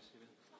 Gracias.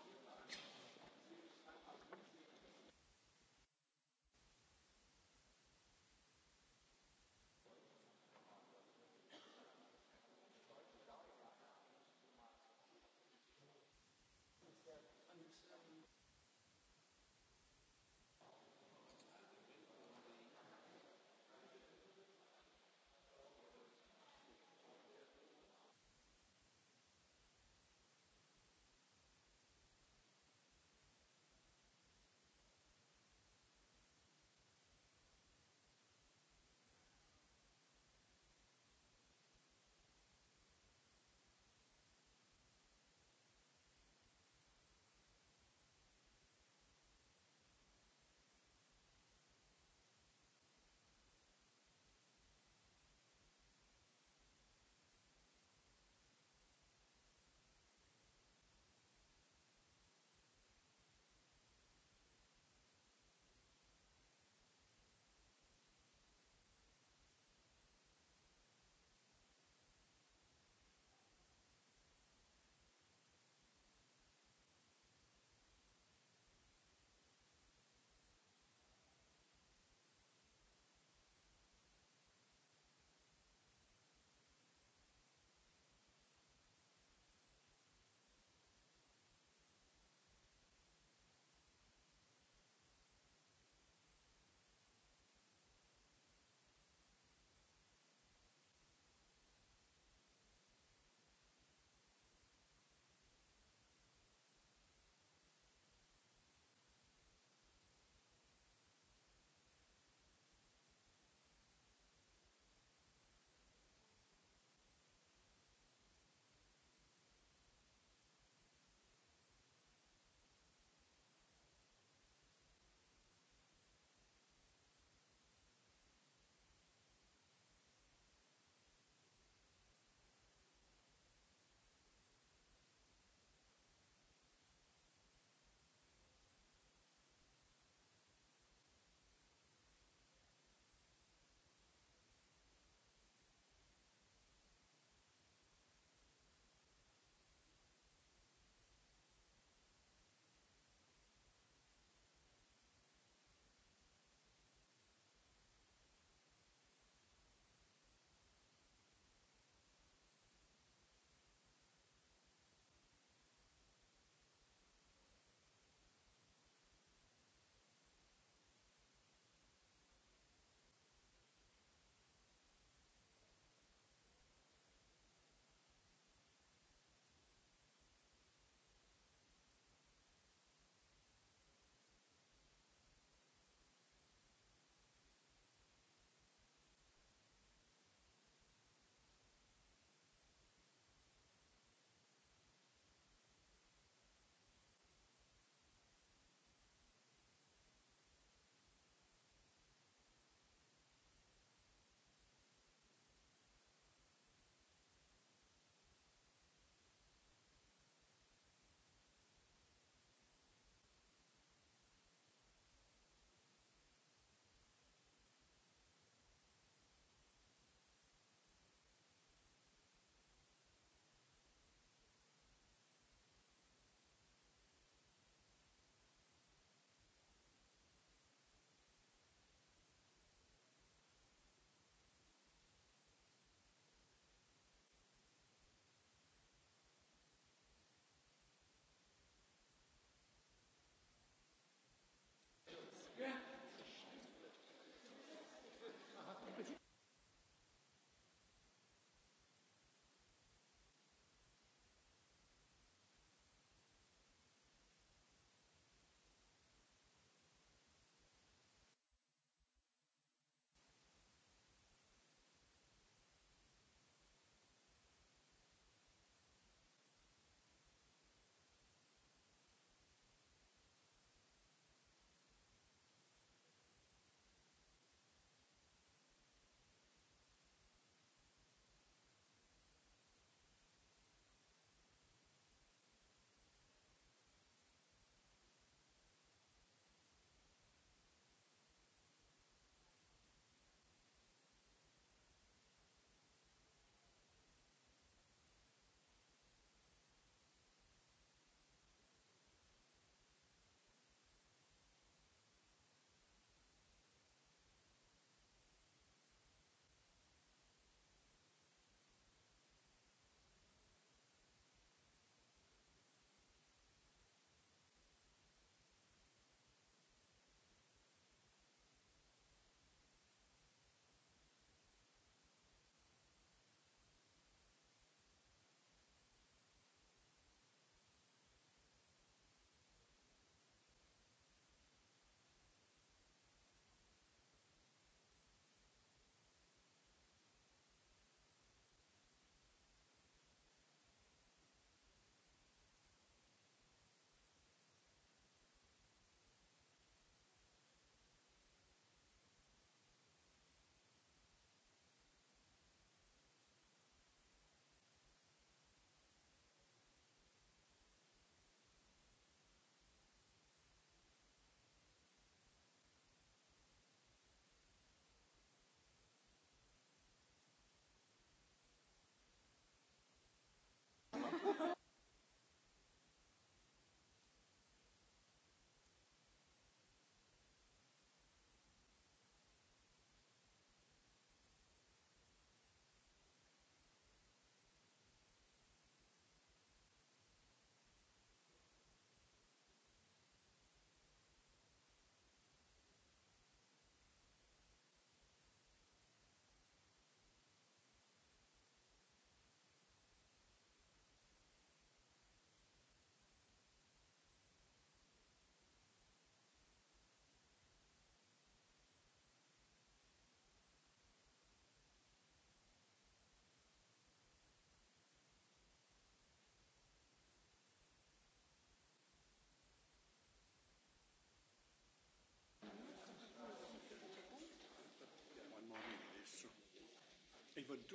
even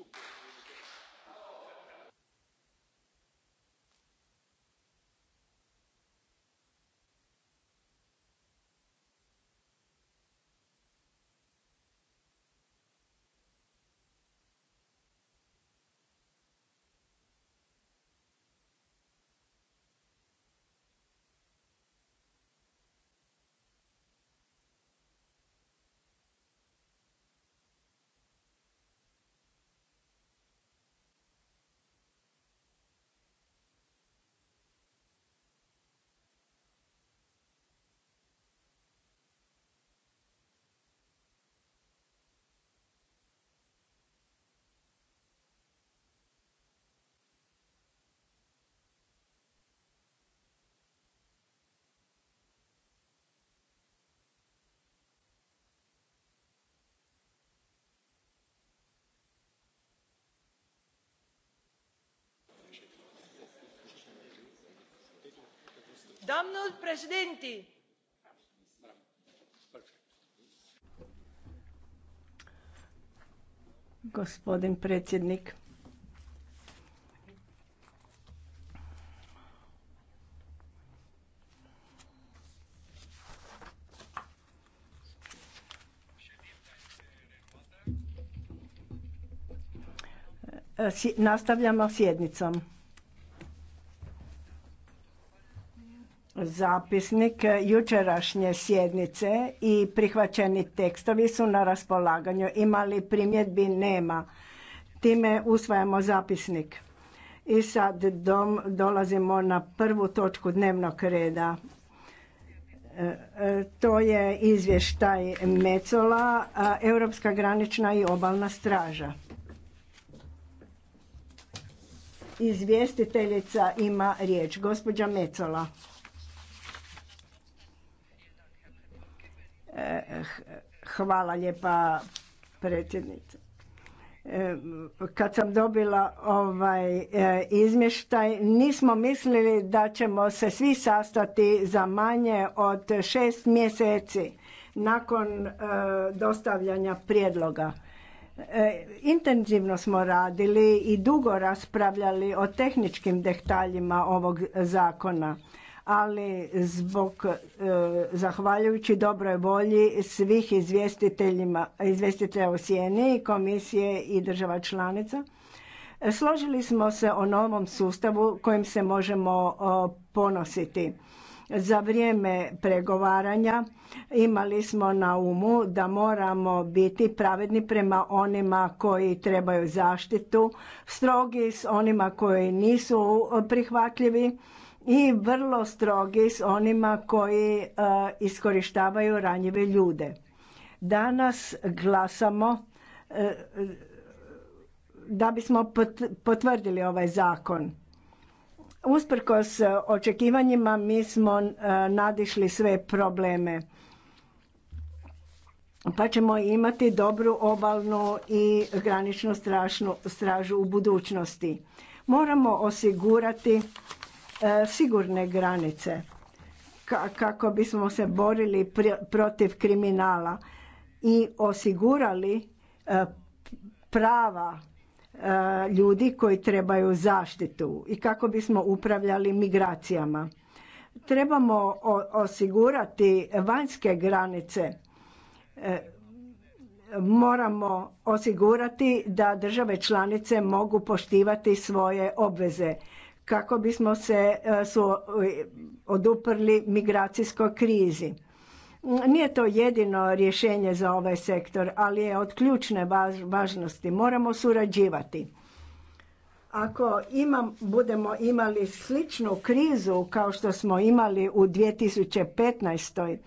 gospodin predsjednik e, nastavljamo sjednicom Zapisnik jučerašnje sjednice i prihvaćeni tekstovi su na raspolaganju. Imali primjedbi? Nema. Time usvajamo zapisnik. I sad dom, dolazimo na prvu točku dnevnog reda. E, e, to je izvještaj Mecola, Europska granična i obalna straža. Izvjestiteljica ima riječ. Gospođa Mecola. Eh, eh, hvala lijepa predsjednice. Eh, kad sam dobila ovaj izmještaj, nismo mislili da ćemo se svi sastati za manje od šest mjeseci nakon dostavljanja prijedloga. Intenzivno smo radili i dugo raspravljali o tehničkim detaljima ovog zakona ali zbog e, zahvaljujući dobroj volji svih izvjestitelja u sjeni, komisije i država članica složili smo se o novom sustavu kojim se možemo ponositi. Za vrijeme pregovaranja imali smo na umu da moramo biti pravedni prema onima koji trebaju zaštitu, strogi s onima koji nisu prihvatljivi i vrlo strogi s onima koji e, iskorištavaju ranjive ljude. Danas glasamo e, da bismo potvrdili ovaj zakon. Usprkos očekivanjima mi smo e, nadišli sve probleme. Pa ćemo imati dobru obalnu i graničnu stražu u budućnosti. Moramo osigurati E, sigurne granice kako bismo se borili protiv kriminala i osigurali e, prava e, ljudi koji trebaju zaštitu i kako bismo upravljali migracijama. Trebamo osigurati vanjske granice. Moramo osigurati da države članice mogu poštivati svoje obveze kako bismo se e, su e, oduprli migracijskoj krizi. Mm, nije to jedino rješenje za ovaj sektor, ali je od ključne važnosti. Moramo surađivati. Ako imam, budemo imali sličnu krizu kao što smo imali u 2015.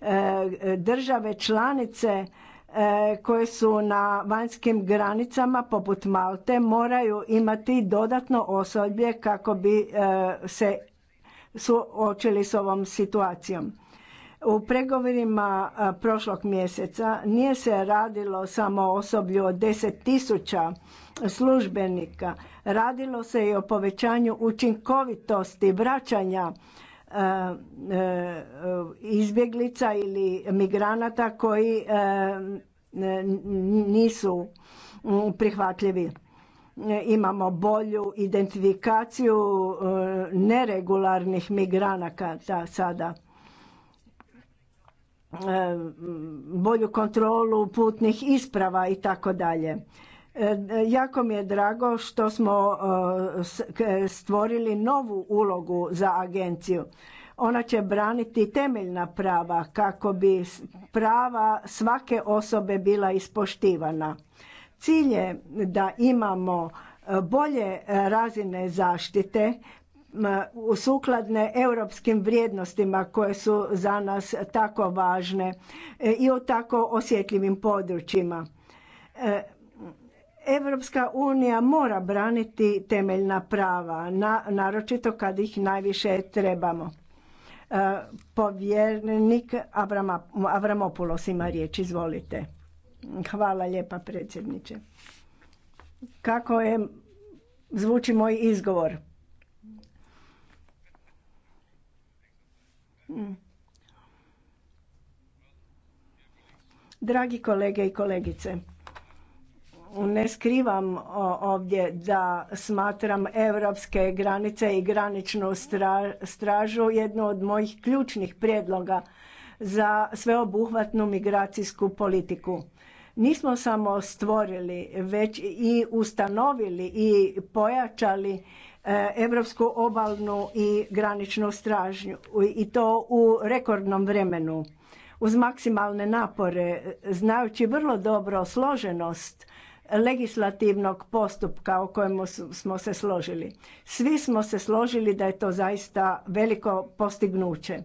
E, države članice E, koje su na vanjskim granicama poput Malte moraju imati dodatno osoblje kako bi e, se suočili s ovom situacijom. U pregovorima e, prošlog mjeseca nije se radilo samo o osoblju od 10.000 službenika, radilo se i o povećanju učinkovitosti vraćanja E, e, izbjeglica ili migranata koji e, nisu prihvatljivi. Imamo bolju identifikaciju neregularnih migranata sada. Bolju kontrolu putnih isprava i tako dalje. E, e, jako mi je drago što smo e, stvorili novu ulogu za agenciju. Ona će braniti temeljna prava kako bi prava svake osobe bila ispoštivana. Cilj je da imamo bolje razine zaštite sukladne europskim vrijednostima koje su za nas tako važne i u tako osjetljivim područjima Evropska unija mora braniti temeljna prava, na, naročito kad ih najviše trebamo. Povjerenik povjernik ima riječ, izvolite. Hvala lijepa predsjedniče. Kako je, zvuči moj izgovor? Dragi kolege i kolegice, ne skrivam ovdje da smatram europske granice i graničnu stražu jednu od mojih ključnih prijedloga za sveobuhvatnu migracijsku politiku. Nismo samo stvorili, već i ustanovili i pojačali europsku obalnu i graničnu stražnju i to u rekordnom vremenu uz maksimalne napore, znajući vrlo dobro složenost legislativnog postupka o kojemu smo se složili. Svi smo se složili da je to zaista veliko postignuće.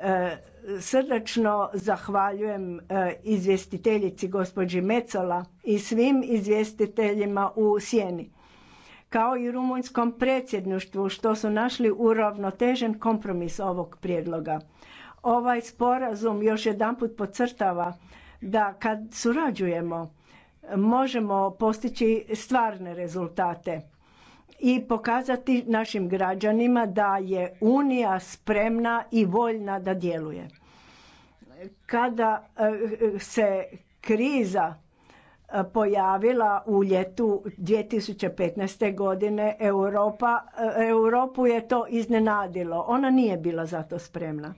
E, srdačno zahvaljujem e, izvjestiteljici gospođi Mecola i svim izvjestiteljima u Sjeni kao i rumunjskom predsjedništvu što su našli uravnotežen kompromis ovog prijedloga. Ovaj sporazum još jedanput podcrtava da kad surađujemo možemo postići stvarne rezultate i pokazati našim građanima da je Unija spremna i voljna da djeluje. Kada eh, se kriza eh, pojavila u ljetu 2015. godine, Europa, eh, Europu je to iznenadilo. Ona nije bila za to spremna.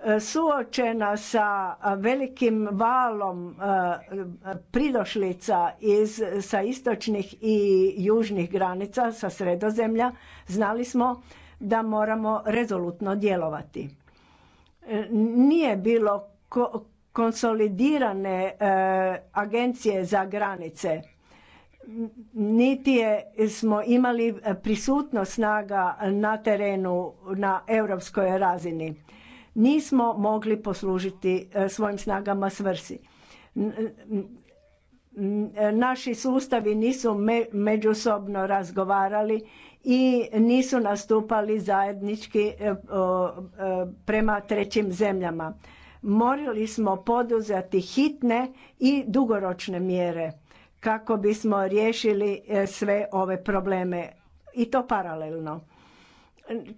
E, suočena sa e, velikim valom e, pridošlica iz, sa istočnih i južnih granica, sa sredozemlja, znali smo da moramo rezolutno djelovati. Nije bilo konsolidirane agencije za granice niti je smo imali prisutnost snaga na terenu na europskoj razini nismo mogli poslužiti e, svojim snagama svrsi. Naši sustavi nisu međusobno razgovarali i nisu nastupali zajednički e, e, prema trećim zemljama. Morali smo poduzeti hitne i dugoročne mjere kako bismo riješili sve ove probleme i to paralelno.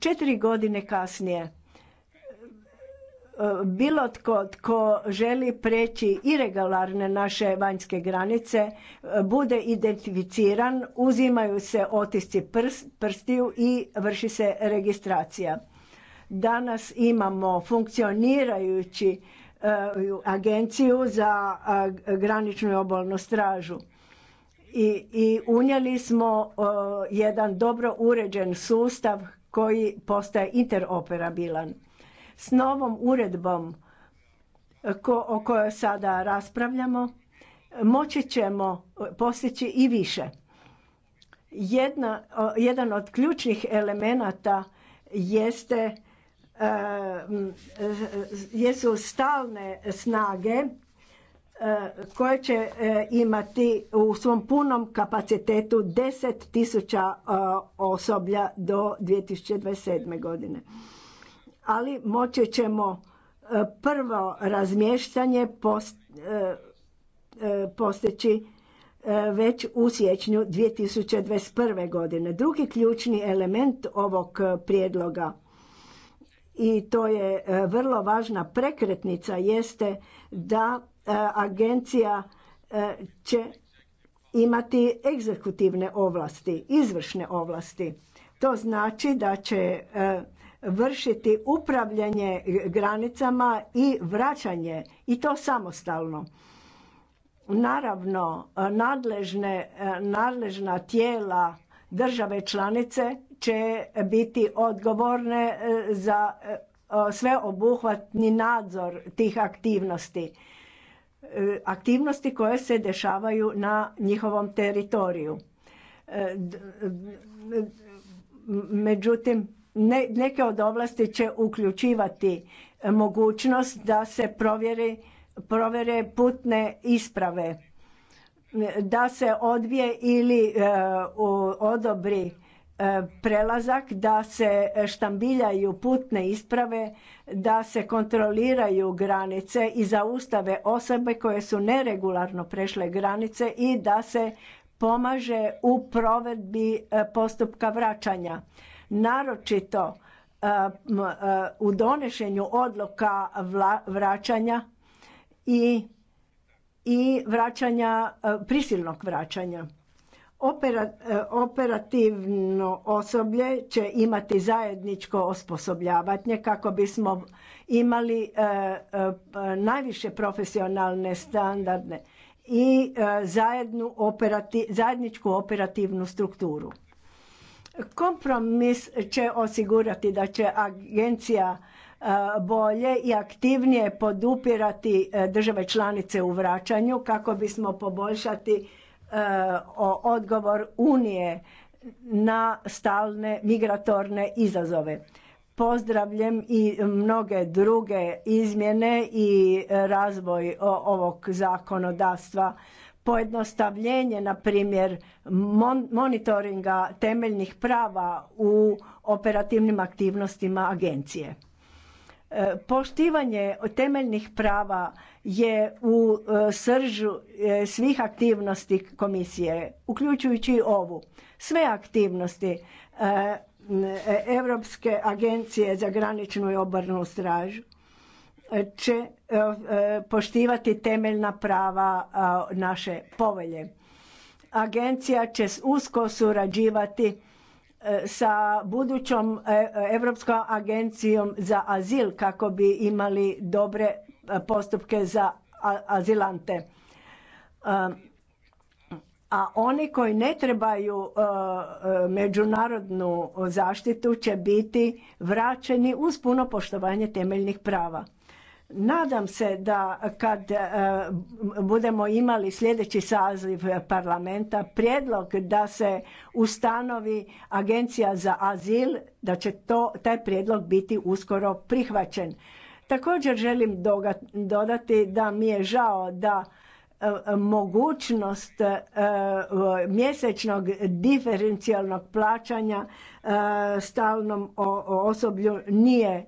Četiri godine kasnije E, bilo tko tko želi preći iregularne naše vanjske granice e, bude identificiran, uzimaju se otisci prstiju i vrši se registracija. Danas imamo funkcionirajući e, agenciju za graničnu i obalnu stražu. I, i unijeli smo jedan dobro uređen sustav koji postaje interoperabilan s novom uredbom eh, o kojoj sada raspravljamo moći ćemo eh, postići i više. Eh, jedan od ključnih elemenata jeste jesu stalne snage koje će imati u svom punom kapacitetu 10.000 osoblja do 2027. godine ali moći ćemo e, prvo razmještanje e, e, postići već u siječnju 2021. godine. Drugi ključni element ovog prijedloga i to je vrlo važna prekretnica jeste da agencija će imati egzekutivne ovlasti, izvršne ovlasti. To znači da će vršiti upravljanje granicama i vraćanje i to samostalno. Naravno, nadležne, nadležna tijela države članice će biti odgovorne e, za e, sveobuhvatni nadzor tih aktivnosti. E, aktivnosti koje se dešavaju na njihovom teritoriju. Međutim, ne, neke od ovlasti će uključivati e, mogućnost da se provjeri, provjere putne isprave, da se odvije ili e, u, odobri e, prelazak, da se štambiljaju putne isprave, da se kontroliraju granice i zaustave osobe koje su neregularno prešle granice i da se pomaže u provedbi postupka vraćanja naročito e, e, u donošenju odluka vraćanja i, i vraćanja, e, prisilnog vraćanja. operativno osoblje će imati zajedničko osposobljavanje kako bismo imali najviše profesionalne standarde i zajedničku operativnu strukturu. Kompromis će osigurati da će agencija e, bolje i aktivnije podupirati e, države članice u vraćanju kako bismo poboljšati e, odgovor Unije na stalne migratorne izazove. Pozdravljam i mnoge druge izmjene i razvoj ovog zakonodavstva pojednostavljenje na primjer monitoringa temeljnih prava u operativnim aktivnostima agencije e, poštivanje temeljnih prava je u e, sržu e, svih aktivnosti komisije uključujući i ovu sve aktivnosti europske agencije za graničnu i obalnu stražu će e, e, poštivati temeljna prava naše povelje. Agencija će usko surađivati e, sa budućom Europskom agencijom za azil kako bi imali dobre postupke za azilante. A oni koji ne trebaju međunarodnu zaštitu će biti vraćeni uz puno poštovanje temeljnih prava. Nadam se da kad e, budemo imali sljedeći saziv parlamenta prijedlog da se ustanovi agencija za azil, da će to, taj prijedlog biti uskoro prihvaćen. Također želim dodati da mi je žao da e, mogućnost e, mjesečnog diferencijalnog plaćanja stalnom osoblju nije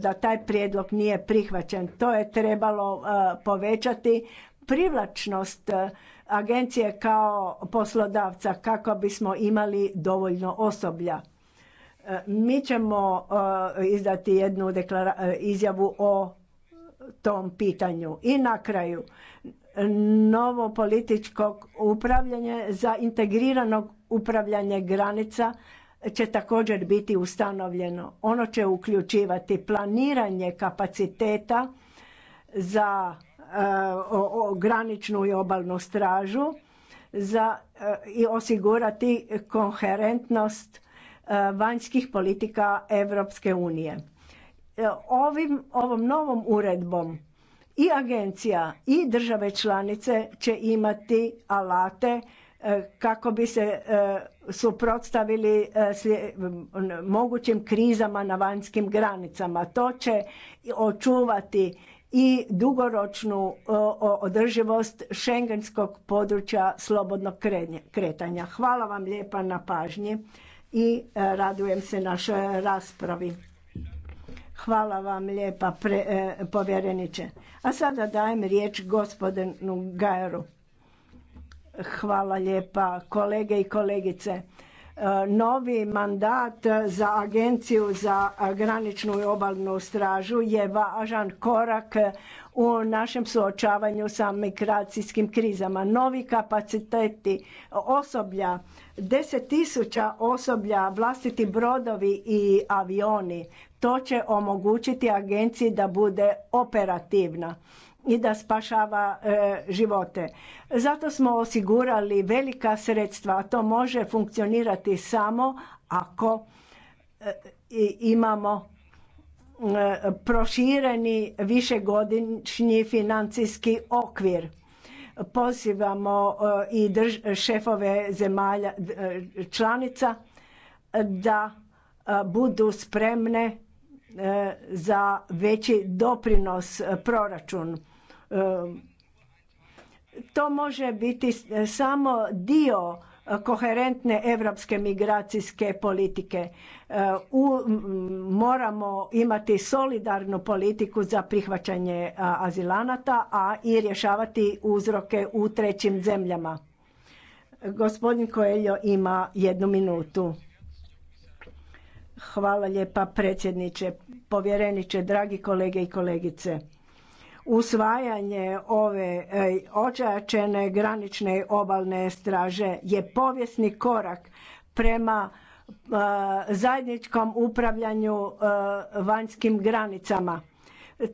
da taj prijedlog nije prihvaćen. To je trebalo e, povećati privlačnost e, agencije kao poslodavca kako bismo imali dovoljno osoblja. E, mi ćemo izdati jednu izjavu o tom pitanju. I na kraju, novo političko upravljanje za integriranog upravljanje granica će također biti ustanovljeno. Ono će uključivati planiranje kapaciteta za e, graničnu i obalnu stražu za e, i osigurati koherentnost e, vanjskih politika Europske unije. ovom novom uredbom i agencija i države članice će imati alate E, kako bi se e, suprotstavili e, mogućim krizama na vanjskim granicama. To će očuvati i dugoročnu održivost šengenskog područja slobodnog kretanja. Hvala vam lijepa na pažnji i radujem se našoj raspravi. Hvala vam lijepa, povjereniče. A sada dajem riječ gospodinu Gajeru. Hvala lijepa kolege i kolegice. E, novi mandat za Agenciju za graničnu i obalnu stražu je važan korak u našem suočavanju sa migracijskim krizama. Novi kapaciteti osoblja, deset tisuća osoblja, vlastiti brodovi i avioni, to će omogućiti agenciji da bude operativna i da spašava e, živote. Zato smo osigurali velika sredstva, a to može funkcionirati samo ako e, imamo e, prošireni višegodišnji financijski okvir. Pozivamo i šefove zemalja članica da budu spremne za veći doprinos proračun to može biti e, samo dio e, koherentne europske migracijske politike. E, u, moramo imati solidarnu politiku za prihvaćanje azilanata, a i rješavati uzroke u trećim zemljama. Gospodin Koeljo ima jednu minutu. Hvala lijepa predsjedniče, povjereniče, dragi kolege i kolegice. Usvajanje ove e, očajačene granične obalne straže je povijesni korak prema e, zajedničkom upravljanju e, vanjskim granicama.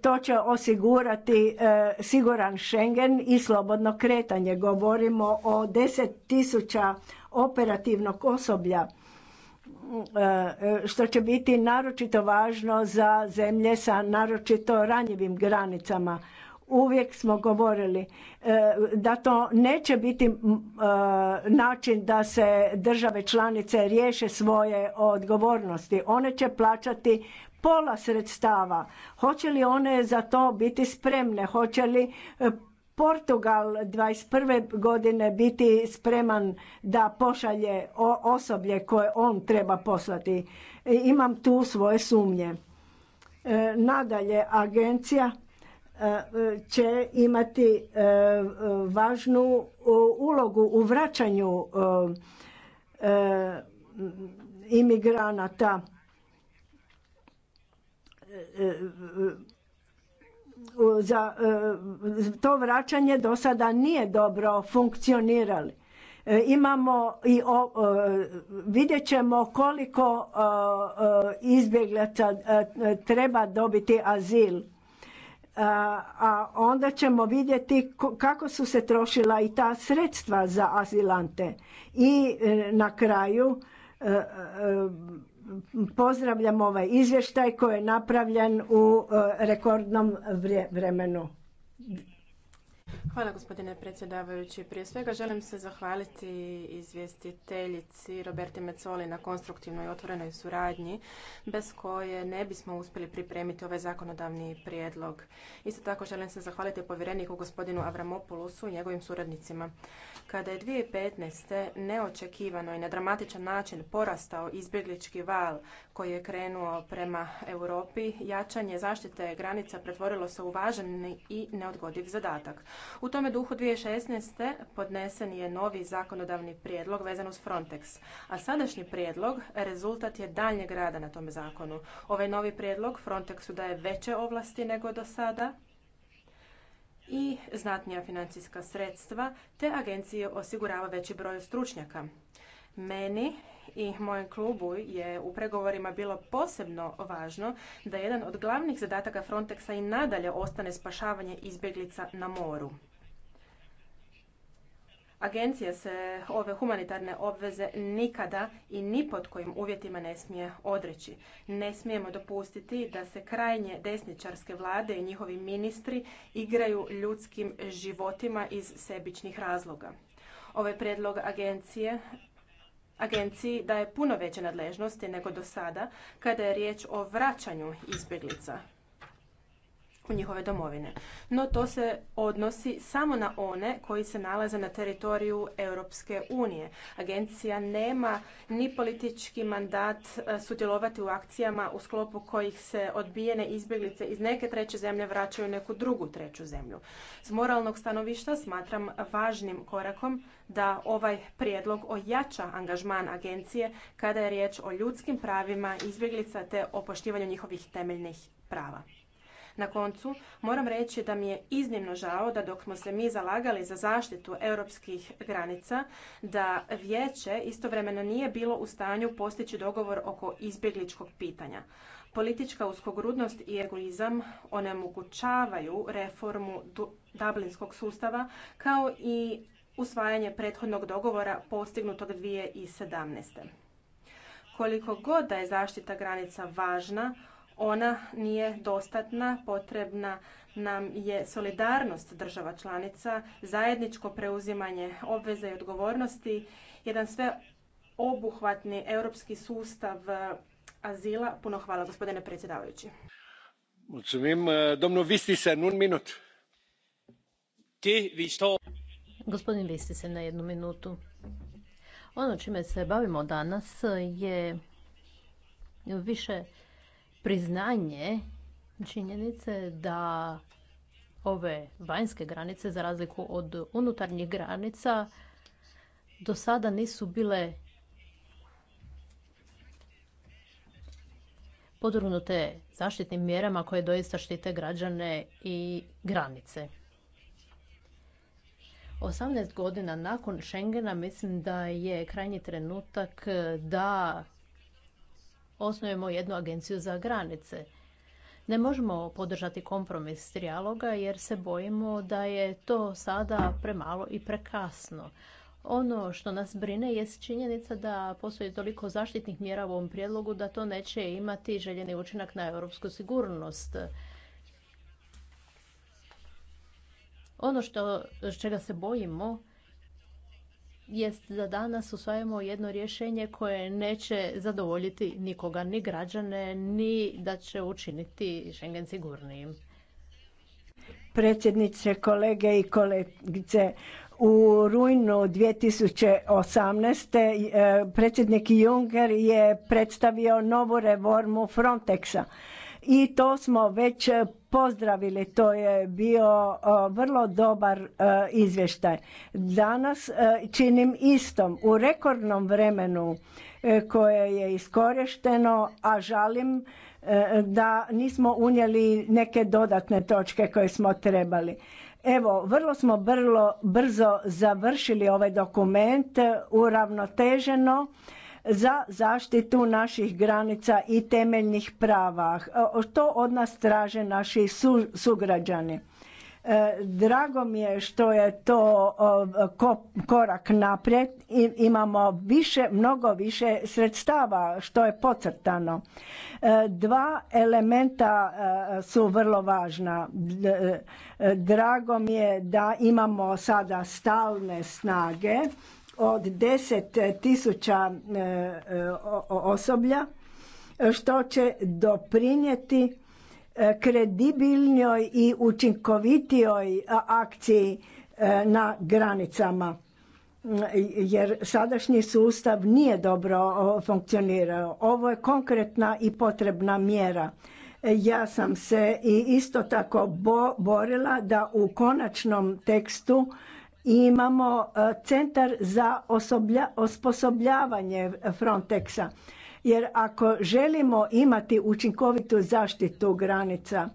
To će osigurati siguran Schengen i slobodno kretanje. Govorimo o tisuća operativnog osoblja što će biti naročito važno za zemlje sa naročito ranjivim granicama. Uvijek smo govorili e, da to neće biti e, način da se države članice riješe svoje odgovornosti. One će plaćati pola sredstava. Hoće li one za to biti spremne? Hoće li e, Portugal 21. godine biti spreman da pošalje osoblje koje on treba poslati. E, imam tu svoje sumnje. E, nadalje, agencija e, će imati važnu ulogu u vraćanju imigranata za e, to vraćanje do sada nije dobro funkcionirali. E, imamo i e, vidjet ćemo koliko izbjeglaca treba dobiti azil. A onda ćemo vidjeti kako su se trošila i ta sredstva za azilante. I na kraju Pozdravljam ovaj izvještaj koji je napravljen u e, rekordnom vremenu. Hvala gospodine predsjedavajući. Prije svega želim se zahvaliti izvjestiteljici Roberti Mecoli na konstruktivnoj i otvorenoj suradnji bez koje ne bismo uspjeli pripremiti ovaj zakonodavni prijedlog. Isto tako želim se zahvaliti povjereniku gospodinu Avramopoulosu i njegovim suradnicima. Kada je 2015. neočekivano i na dramatičan način porastao izbjeglički val koji je krenuo prema Europi, jačanje zaštite granica pretvorilo se u važan i neodgodiv zadatak. U tome duhu 2016. podnesen je novi zakonodavni prijedlog vezan uz Frontex, a sadašnji prijedlog rezultat je daljnjeg rada na tom zakonu. Ovaj novi prijedlog Frontexu daje veće ovlasti nego do sada, i znatnija financijska sredstva, te agencije osigurava veći broj stručnjaka. Meni i mojem klubu je u pregovorima bilo posebno važno da jedan od glavnih zadataka Frontexa i nadalje ostane spašavanje izbjeglica na moru. Agencija se ove humanitarne obveze nikada i ni pod kojim uvjetima ne smije odreći. Ne smijemo dopustiti da se krajnje desničarske vlade i njihovi ministri igraju ljudskim životima iz sebičnih razloga. Ovaj predlog agencije Agenciji daje puno veće nadležnosti nego do sada kada je riječ o vraćanju izbjeglica njihove domovine. No to se odnosi samo na one koji se nalaze na teritoriju Europske unije. Agencija nema ni politički mandat e, sudjelovati u akcijama u sklopu kojih se odbijene izbjeglice iz neke treće zemlje vraćaju u neku drugu treću zemlju. S moralnog stanovišta smatram važnim korakom da ovaj prijedlog ojača angažman agencije kada je riječ o ljudskim pravima izbjeglica te o poštivanju njihovih temeljnih prava. Na koncu moram reći da mi je iznimno žao da dok smo se mi zalagali za zaštitu europskih granica, da vijeće istovremeno nije bilo u stanju postići dogovor oko izbjegličkog pitanja. Politička uskogrudnost i egoizam onemogućavaju reformu dublinskog sustava kao i usvajanje prethodnog dogovora postignutog 2017. Koliko god da je zaštita granica važna, ona nije dostatna, potrebna nam je solidarnost država članica, zajedničko preuzimanje obveza i odgovornosti, jedan sve europski sustav e, azila. Puno hvala gospodine predsjedavajući. E, Gospodin se na jednu minutu. Ono čime se bavimo danas je više priznanje činjenice da ove vanjske granice za razliku od unutarnjih granica do sada nisu bile podvrgnute zaštitnim mjerama koje doista štite građane i granice. 18 godina nakon Schengena mislim da je krajnji trenutak da osnujemo jednu agenciju za granice. Ne možemo podržati kompromis trijaloga jer se bojimo da je to sada premalo i prekasno. Ono što nas brine je činjenica da postoji toliko zaštitnih mjera u ovom prijedlogu da to neće imati željeni učinak na europsku sigurnost. Ono što, čega se bojimo jest da danas usvajamo jedno rješenje koje neće zadovoljiti nikoga, ni građane, ni da će učiniti Schengen sigurnijim. Predsjednice, kolege i kolegice, u rujnu 2018. E, predsjednik Juncker je predstavio novu reformu Frontexa i to smo već pozdravili. To je bio vrlo dobar e, izvještaj. Danas e, činim istom u rekordnom vremenu e, koje je iskorišteno, a žalim da nismo unijeli neke dodatne točke koje smo trebali. Evo, vrlo smo vrlo brzo završili ovaj dokument uravnoteženo za zaštitu naših granica i temeljnih prava. To od nas traže naši sugrađani. E, drago mi je što je to korak naprijed imamo više, mnogo više sredstava što je pocrtano. E, dva elementa e, su vrlo važna. Drago mi je da imamo sada stalne snage od deset tisuća e, e, osoblja što će doprinijeti e, kredibilnoj i učinkovitijoj akciji na granicama jer sadašnji sustav nije dobro funkcionirao. Ovo je konkretna i potrebna mjera. Ja sam se i isto tako borila da u konačnom tekstu imamo e, centar za osposobljavanje Frontexa. Jer ako želimo imati učinkovitu zaštitu granica,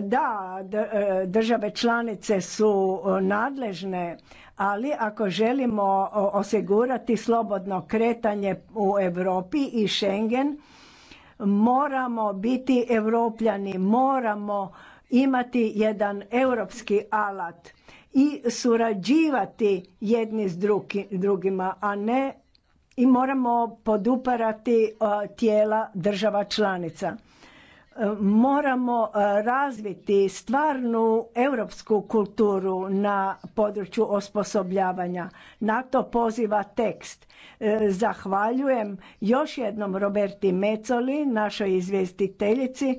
da, e, države članice su nadležne, ali ako želimo osigurati slobodno kretanje u Europi i Schengen, moramo biti europljani, moramo imati jedan europski alat i surađivati jedni s drugima, a ne i moramo poduparati tijela država članica moramo e, razviti stvarnu europsku kulturu na području osposobljavanja. Na to poziva tekst. E, zahvaljujem još jednom Roberti Mecoli, našoj izvjestiteljici,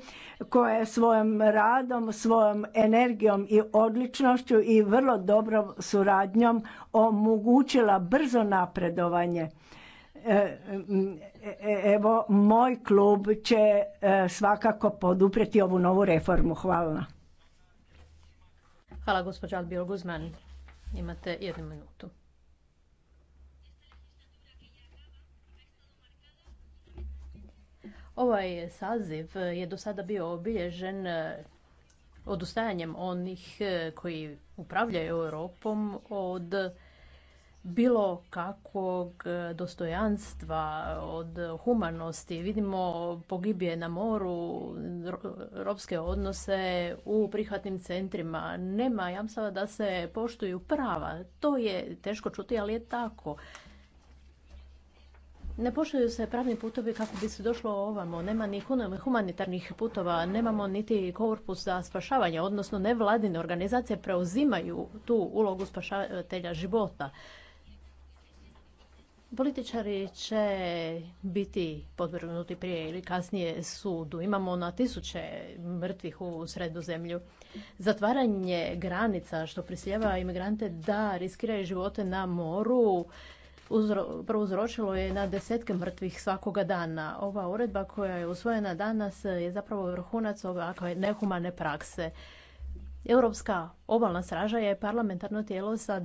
koja je svojim radom, svojom energijom i odličnošću i vrlo dobrom suradnjom omogućila brzo napredovanje E, e, e, evo, moj klub će svakako poduprijeti ovu novu reformu. Hvala. Hvala, gospođa Albiol Guzman. Imate jednu minutu. Ovaj saziv je do sada bio obilježen odustajanjem onih koji upravljaju Europom od bilo kakvog e, dostojanstva, od humanosti. Vidimo pogibije na moru, ropske odnose u prihvatnim centrima. Nema jamstava da se poštuju prava. To je teško čuti, ali je tako. Ne poštuju se pravni putovi kako bi se došlo ovamo. Nema ni humanitarnih putova, nemamo niti korpus za spašavanje, odnosno nevladine organizacije preuzimaju tu ulogu spašavatelja života. Političari će biti podvrgnuti prije ili kasnije sudu. Imamo na tisuće mrtvih u zemlju. Zatvaranje granica što prisljeva imigrante da riskiraju živote na moru prouzročilo je na desetke mrtvih svakoga dana. Ova uredba koja je usvojena danas je zapravo vrhunac ovakve nehumane prakse. Europska obalna straža je parlamentarno tijelo sa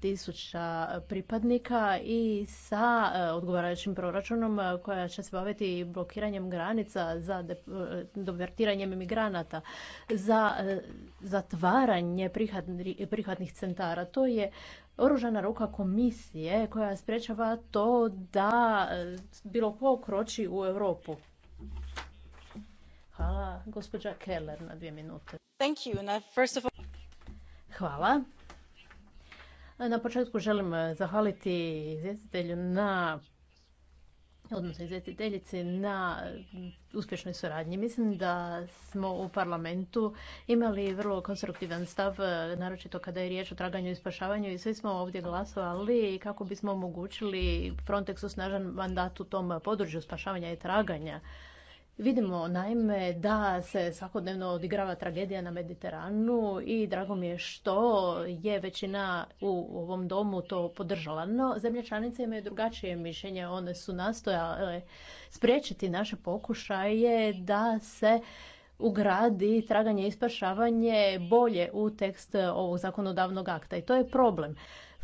tisuća pripadnika i sa e, odgovarajućim proračunom e, koja će se baviti blokiranjem granica, za e, dovertiranjem imigranata, za zatvaranje prihvatnih centara. To je oružana ruka komisije koja sprečava to da bilo ko kroči u Europu. Hvala. Gospođa Keller na dvije minute. Hvala. Na početku želim zahvaliti izvjestitelju na odnosno izvjestiteljici na uspješnoj suradnji. Mislim da smo u parlamentu imali vrlo konstruktivan stav, naročito kada je riječ o traganju i spašavanju i svi smo ovdje glasovali kako bismo omogućili Frontexu snažan mandat u tom području spašavanja i traganja. Vidimo naime da se svakodnevno odigrava tragedija na Mediteranu i drago mi je što je većina u ovom domu to podržala. No, zemlje članice imaju drugačije mišljenje. One su nastojale spriječiti naše pokušaje da se ugradi traganje i spašavanje bolje u tekst ovog zakonodavnog akta. I to je problem.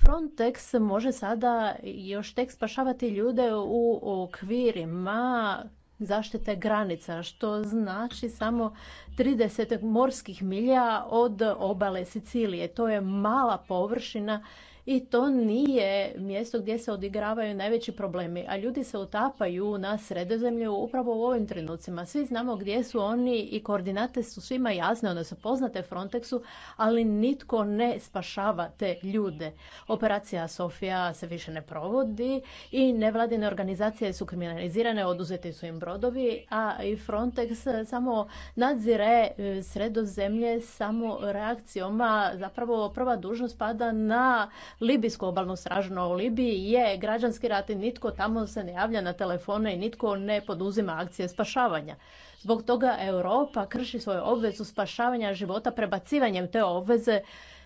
Frontex može sada još tek spašavati ljude u okvirima zaštite granica, što znači samo 30 morskih milja od obale Sicilije. To je mala površina i to nije mjesto gdje se odigravaju najveći problemi, a ljudi se utapaju na sredozemlju upravo u ovim trenucima. Svi znamo gdje su oni i koordinate su svima jasne, one su poznate Frontexu, ali nitko ne spašava te ljude. Operacija Sofia se više ne provodi i nevladine organizacije su kriminalizirane, oduzeti su im brodovi, a i Frontex samo nadzire e, sredozemlje samo reakcijom, a zapravo prva dužnost pada na libijsko obalno stražu u Libiji je građanski rat i nitko tamo se ne javlja na telefone i nitko ne poduzima akcije spašavanja. Zbog toga Europa krši svoju obvezu spašavanja života prebacivanjem te obveze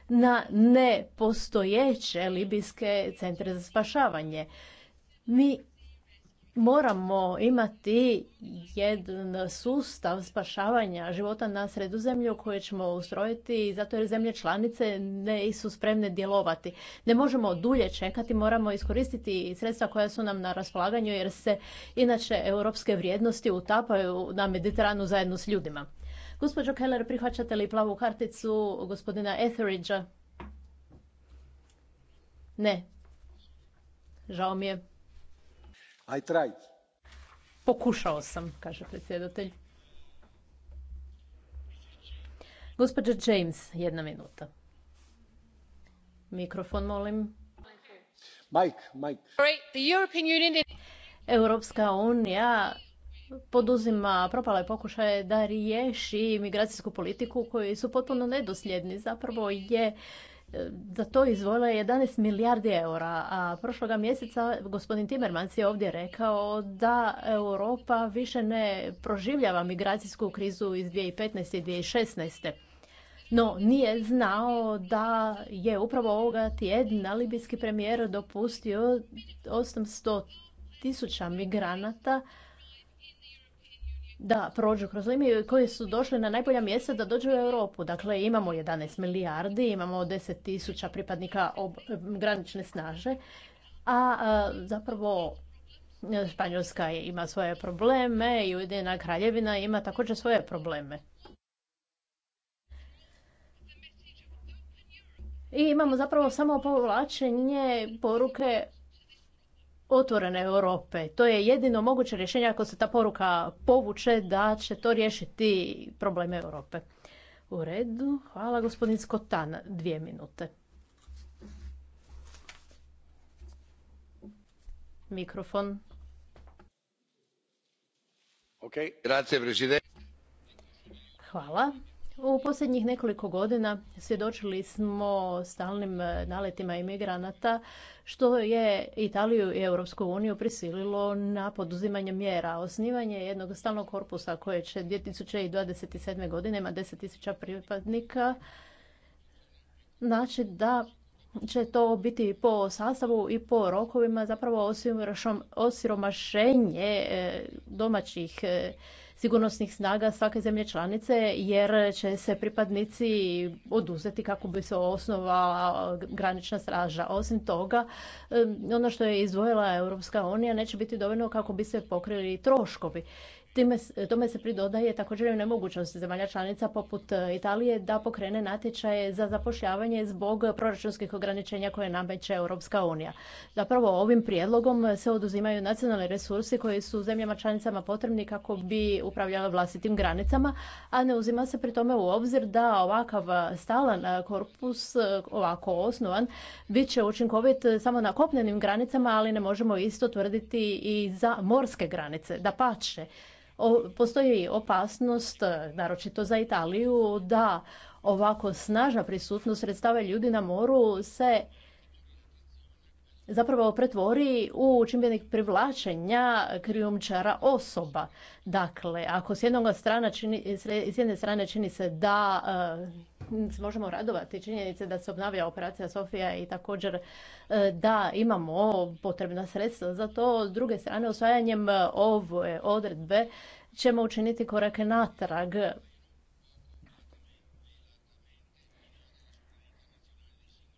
na nepostojeće libijske centre za spašavanje. Mi moramo imati jedan sustav spašavanja života na sredozemlju koje ćemo ustrojiti zato jer zemlje članice ne su spremne djelovati. Ne možemo dulje čekati, moramo iskoristiti sredstva koja su nam na raspolaganju jer se inače europske vrijednosti utapaju na Mediteranu zajedno s ljudima. Gospođo Keller, prihvaćate li plavu karticu gospodina Etheridge-a? Ne. Žao mi je. Pokušao sam, kaže predsjedatelj. Gospođa James, jedna minuta. Mikrofon, molim. Mike, Mike. Europska unija poduzima propale pokušaje da riješi migracijsku politiku koji su potpuno nedosljedni. Zapravo je za to izvojila 11 milijardi eura, a prošloga mjeseca gospodin Timmermans je ovdje rekao da Europa više ne proživljava migracijsku krizu iz 2015. i 2016. No, nije znao da je upravo ovoga tjedna libijski premijer dopustio 800 tisuća migranata da prođu kroz Limiju koje su došle na najbolja mjesta da dođu u Europu. Dakle, imamo 11 milijardi, imamo 10 tisuća pripadnika granične snaže, a, zapravo e, Španjolska ima svoje probleme i Ujedina kraljevina ima također svoje probleme. I imamo zapravo samo povlačenje poruke otvorene Europe. To je jedino moguće rješenje ako se ta poruka povuče da će to riješiti probleme Europe. U redu. Hvala gospodin Skotan. Dvije minute. Mikrofon. Ok, grazie, Hvala. U posljednjih nekoliko godina svjedočili smo stalnim e, naletima imigranata što je Italiju i Europsku uniju prisililo na poduzimanje mjera. Osnivanje jednog stalnog korpusa koje će 2027. godine ima 10.000 pripadnika znači da će to biti po sastavu i po rokovima zapravo osiromašenje e, domaćih e, sigurnosnih snaga svake zemlje članice jer će se pripadnici oduzeti kako bi se osnovala granična straža. Osim toga, ono što je izdvojila Europska unija neće biti dovoljno kako bi se pokrili troškovi tome se pridodaje također i nemogućnost zemalja članica poput e, Italije da pokrene natječaje za zapošljavanje zbog proračunskih ograničenja koje nameće Europska unija. Zapravo ovim prijedlogom se oduzimaju nacionalni resursi koji su zemljama članicama potrebni kako bi upravljala vlastitim granicama, a ne uzima se pri tome u obzir da ovakav stalan e, korpus, e, ovako osnovan, bit će učinkovit samo na kopnenim granicama, ali ne možemo isto tvrditi i za morske granice. Da pače, postoji opasnost, e, naročito za Italiju, da ovako snažna prisutnost sredstava ljudi na moru se zapravo pretvori u čimbenik privlačenja krijumčara osoba. Dakle, ako s, jednog strana čini, s jedne strane čini se da e, možemo radovati činjenice da se obnavlja operacija Sofija i također e, da imamo potrebna sredstva za to. S druge strane, osvajanjem ove odredbe ćemo učiniti korake natrag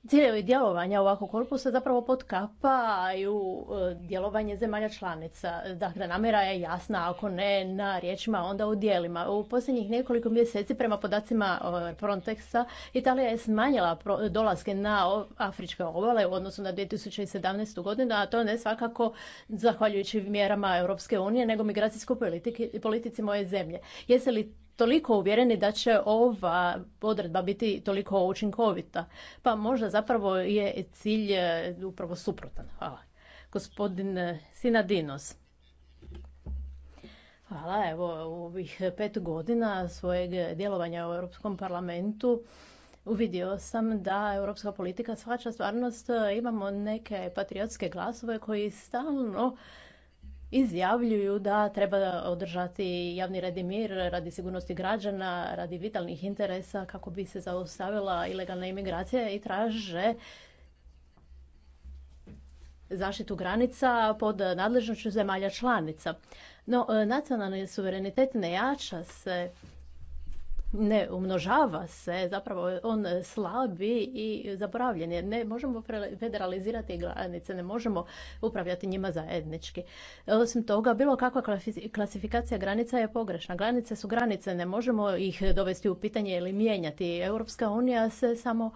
ciljevi djelovanja ovakvog korpusa zapravo potkapaju e, djelovanje zemalja članica. Dakle, namjera je jasna, ako ne na riječima, onda u dijelima. U posljednjih nekoliko mjeseci, prema podacima e, Frontexa, Italija je smanjila dolaske na afričke obale u odnosu na 2017. godinu, a to ne svakako zahvaljujući mjerama Europske unije, nego migracijskoj politici moje zemlje. Jesi li toliko uvjereni da će ova odredba biti toliko učinkovita. Pa možda zapravo je cilj e, upravo suprotan. Hvala. Gospodin e, Sinadinos. Hvala. Evo, u ovih pet godina svojeg djelovanja u Europskom parlamentu uvidio sam da europska politika shvaća stvarnost. E, imamo neke patriotske glasove koji stalno izjavljuju da treba održati javni red i mir radi sigurnosti građana, radi vitalnih interesa kako bi se zaustavila ilegalna imigracija i traže zaštitu granica pod nadležnošću zemalja članica. No, e, nacionalni suverenitet ne jača se ne umnožava se, zapravo on slabi i zaboravljen jer ne možemo federalizirati granice, ne možemo upravljati njima zajednički. Osim toga, bilo kakva klasifikacija granica je pogrešna. Granice su granice, ne možemo ih dovesti u pitanje ili mijenjati. Europska unija se samo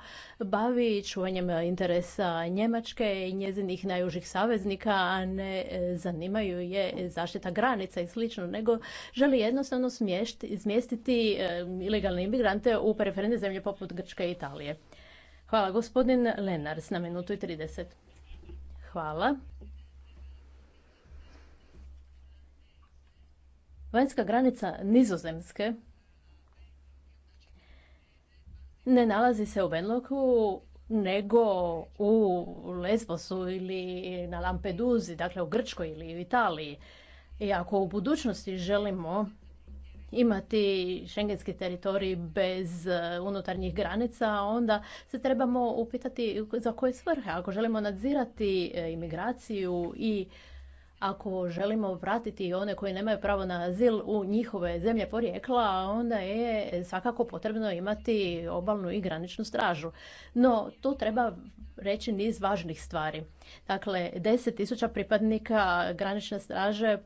bavi čuvanjem interesa Njemačke i njezinih najužih saveznika, a ne zanimaju je zaštita granica i slično, nego želi jednostavno smješti, smjestiti ilegalne imigrante u periferne zemlje poput Grčke i Italije. Hvala gospodin Lenars na minutu i 30. Hvala. Vanjska granica Nizozemske ne nalazi se u Benloku, nego u Lesbosu ili na Lampeduzi, dakle u Grčkoj ili u Italiji. I ako u budućnosti želimo imati šengenski teritorij bez e, unutarnjih granica, onda se trebamo upitati za koje svrhe. Ako želimo nadzirati e, imigraciju i ako želimo vratiti one koji nemaju pravo na azil u njihove zemlje porijekla, onda je svakako potrebno imati obalnu i graničnu stražu. No, to treba reći niz važnih stvari. Dakle, 10.000 pripadnika granične straže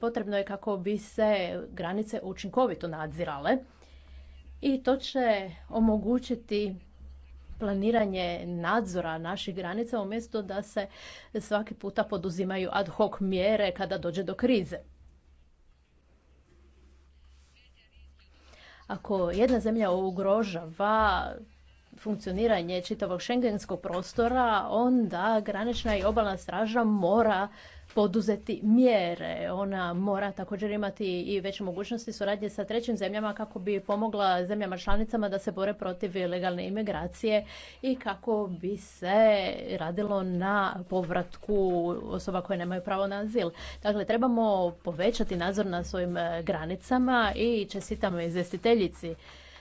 potrebno je kako bi se granice učinkovito nadzirale i to će omogućiti planiranje nadzora naših granica umjesto da se svaki puta poduzimaju ad hoc mjere kada dođe do krize. Ako jedna zemlja ugrožava funkcioniranje čitavog šengenskog prostora, onda granična i obalna straža mora poduzeti mjere. Ona mora također imati i veće mogućnosti suradnje sa trećim zemljama kako bi pomogla zemljama članicama da se bore protiv ilegalne imigracije i kako bi se radilo na povratku osoba koje nemaju pravo na azil. Dakle, trebamo povećati nadzor na svojim e, granicama i čestitamo izvestiteljici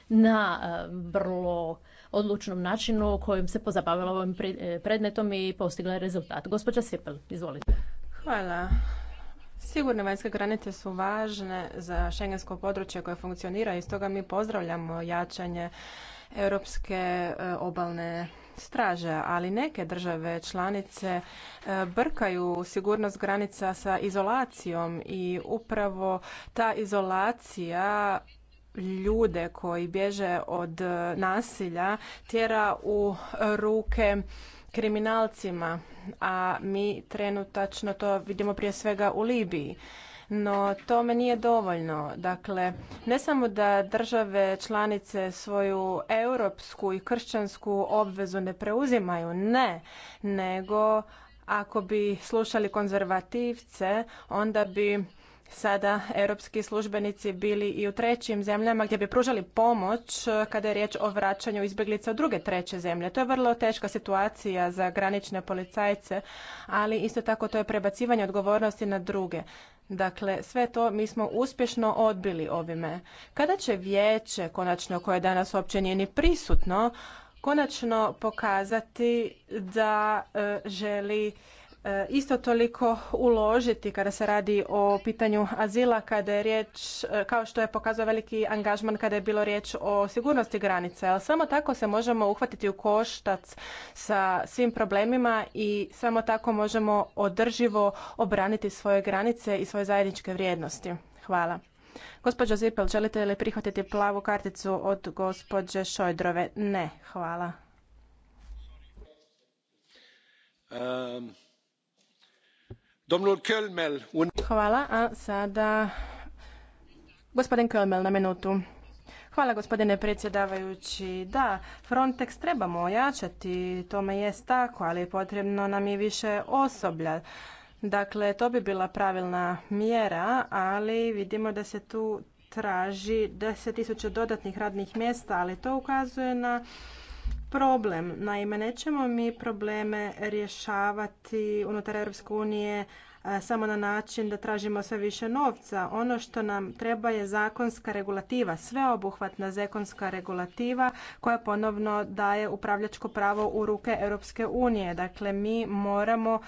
na e, vrlo odlučnom načinu kojim se pozabavila ovim e, predmetom i postigla je rezultat. Gospođa Sipel, izvolite. Hvala. Sigurne vanjske granice su važne za šengensko područje koje funkcionira i stoga mi pozdravljamo jačanje europske e, obalne straže, ali neke države članice e, brkaju sigurnost granica sa izolacijom i upravo ta izolacija ljude koji bježe od e, nasilja tjera u ruke kriminalcima, a mi trenutačno to vidimo prije svega u Libiji. No tome nije dovoljno. Dakle, ne samo da države članice svoju europsku i kršćansku obvezu ne preuzimaju, ne, nego ako bi slušali konzervativce, onda bi sada europski službenici bili i u trećim zemljama gdje bi pružali pomoć e, kada je riječ o vraćanju izbjeglica u druge treće zemlje. To je vrlo teška situacija za granične policajce, ali isto tako to je prebacivanje odgovornosti na druge. Dakle, sve to mi smo uspješno odbili ovime. Kada će vijeće, konačno koje danas uopće nije ni prisutno, konačno pokazati da e, želi E, isto toliko uložiti kada se radi o pitanju azila kada je riječ, e, kao što je pokazao veliki angažman kada je bilo riječ o sigurnosti granice. Ali samo tako se možemo uhvatiti u koštac sa svim problemima i samo tako možemo održivo obraniti svoje granice i svoje zajedničke vrijednosti. Hvala. Gospođo Zipel, želite li prihvatiti plavu karticu od gospođe Šojdrove? Ne, hvala. Um, Hvala, sada gospodin na Hvala gospodine predsjedavajući. Da, Frontex trebamo ojačati, tome jest tako, ali potrebno nam je više osoblja. Dakle, to bi bila pravilna mjera, ali vidimo da se tu traži 10.000 dodatnih radnih mjesta, ali to ukazuje na problem. Naime, nećemo mi probleme rješavati unutar Europske unije e, samo na način da tražimo sve više novca. Ono što nam treba je zakonska regulativa, sveobuhvatna zakonska regulativa koja ponovno daje upravljačko pravo u ruke Europske unije. Dakle, mi moramo